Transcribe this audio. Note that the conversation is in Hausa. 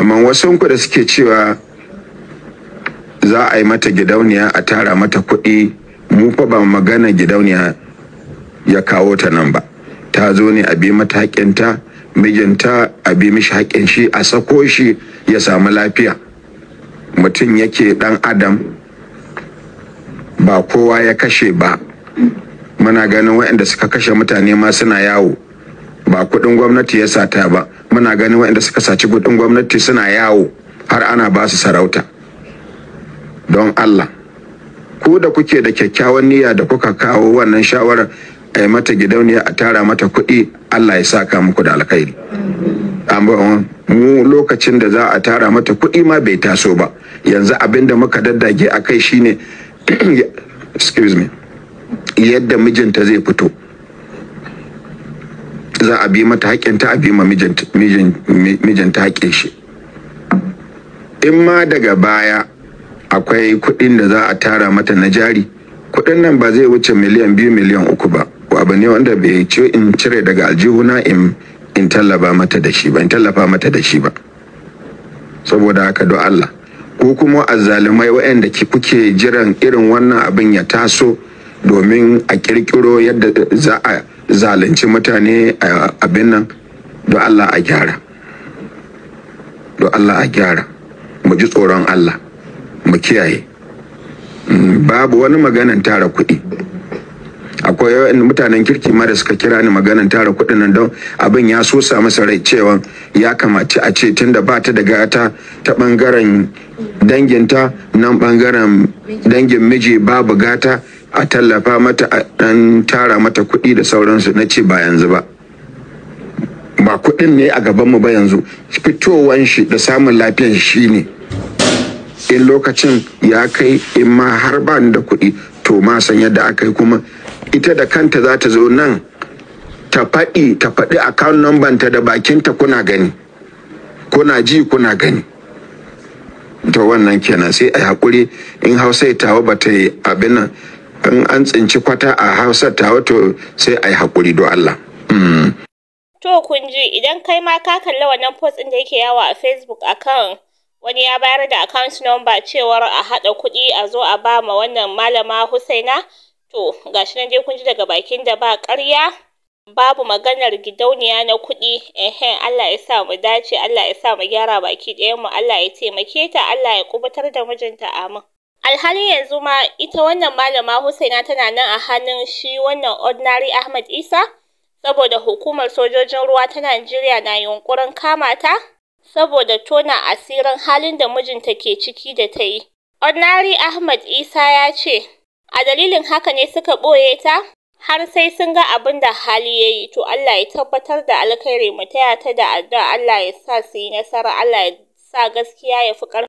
amma wasu da suke cewa za a yi mata gidauniya a tara mata kuɗi mu fa ba magana gidauniya ya kawo ta nan ba ta zo ne a bi mata haƙinta mijinta a bi mishi haƙin shi a sako shi ya samu lafiya mutum yake ɗan adam ba kowa ya kashe ba muna ganin waɗanda suka kashe mutane ma suna yawo ba kuɗin gwamnati ya sata ba muna ganin waɗanda suka saci kudin gwamnati suna yawo har ana ba su sarauta don Allah ku da kuke da kyakkyawan niyya da kuka kawo wannan shawarar a yi mata gidauniya a tara mata kuɗi Allah ya saka muku da alkhairi amma mu lokacin da za a tara mata kuɗi ma bai taso ba yanzu abin da muka daddage a kai shine excuse yadda mijinta zai fito za a bi mata ta a bi ma mijinta haƙƙe shi in ma daga baya akwai kuɗin da za a tara mata na jari kuɗin nan ba zai wuce miliyan biyu miliyan uku ba abu ne wanda bai ciwo in cire daga aljihuna in in tallafa mata da shi ba in tallafa mata da shi ba saboda haka do Allah ko kuma azzalumai waɗanda kuke jiran irin wannan abin ya taso domin a kirkiro yadda za a zalunci mutane a abin nan do Allah a gyara do Allah a gyara mu ji tsoron Allah mu kiyaye mm, babu wani maganan tara kuɗi akwai yawan mutanen kirki mara suka kira ni maganan tara kuɗin nan don abin ya so sa masa rai cewa ya kamaci a ce tunda ba ta da gata ta ɓangaren danginta nan ɓangaren dangin miji babu gata a tallafa mata a ɗan tara mata kuɗi da sauransu na ce ba yanzu ba ba kuɗin ne a gaban mu ba yanzu fitowan shi da samun lafiyar shi ne in lokacin ya kai in ma har ba da kuɗi to ma san yadda aka yi kuma ita da kanta za ta zo nan ta faɗi ta faɗi account number ta da bakinta kuna gani kuna ji kuna gani to wannan kenan sai a hakuri in hausa ya tawo ba ta yi abin nan in an tsinci kwata a Hausa ta wato sai a yi haƙuri do Allah. Hmm. To kun ji idan kai ma ka kalli wannan post ɗin da yake yawa a Facebook akan wani ya bayar da account number cewar a haɗa kuɗi a zo a ba ma wannan malama Husaina to gashi nan dai kun ji daga bakin da ba ƙarya babu maganar gidauniya na kuɗi ehen Allah ya sa mu dace Allah ya sa mu gyara baki ɗayan mu Allah ya taimake ta Allah ya kubutar da mijinta amin alhalin yanzu ma ita wannan malama hussaina tana nan a hannun shi wannan ordinary Ahmad Isa saboda hukumar sojojin ruwa ta Najeriya na yunkurin kama ta saboda tona asirin halin da mijinta ke ciki da ta yi. Ordinary Ahmad Isa ya ce, a dalilin haka ne suka ɓoye ta har sai sun ga abin da hali ya yi, to Allah ya tabbatar da alkhairi mu taya ta da addu'a Allah ya sa su yi nasara, Allah ya sa gaskiya ya fi